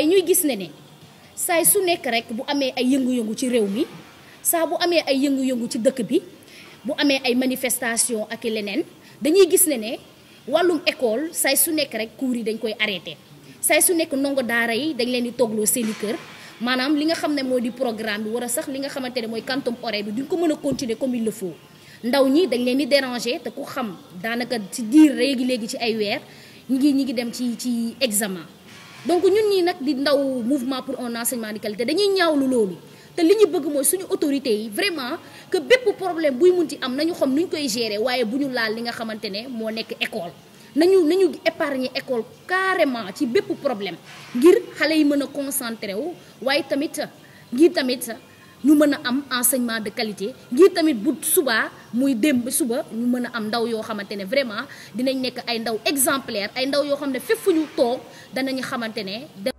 waaye gis ne ne saay su nekk rek bu amee ay yëngu-yëngu ci réew mi saa bu amee ay yëngu-yëngu ci dëkk bi bu amee ay manifestation ak i leneen dañuy gis ne ne wàllum école saay su nekk rek cours yi dañ koy arrêté saay su nekk ndongo daara yi dañ leen di toogloo seeni kër maanaam li nga xam ne moo di programme bi war a sax li nga xamante ne mooy quantum horaire bi duñ ko mën a continuer comme il le ndaw ñi dañ leen di déranger te ku xam daanaka ci diir léegi léegi ci ay weer ñi ngi ngi dem ci ci examen donc ñun ñii nag di ndaw mouvement pour un enseignement de qualité dañuy ñaawlu loolu te li ñu bëgg mooy suñu autorité yi vraiment que bépp problème buy mun ti am na ñu xam nu ñu koy gérer waaye bu ñu laal li nga xamante ne moo nekk école nañu nañu épargner école carrément ci bépp problème ngir xale yi mën a concentré wu waaye tamit ngir tamit ñu mën a am enseignement de qualité ngir tamit bu suba muy démb suba ñu mën a am ndaw yoo xamante ne vraiment dinañ nekk ay ndaw exemplaire ay ndaw yoo xam ne fépp fu ñu toog danañu xamante ne.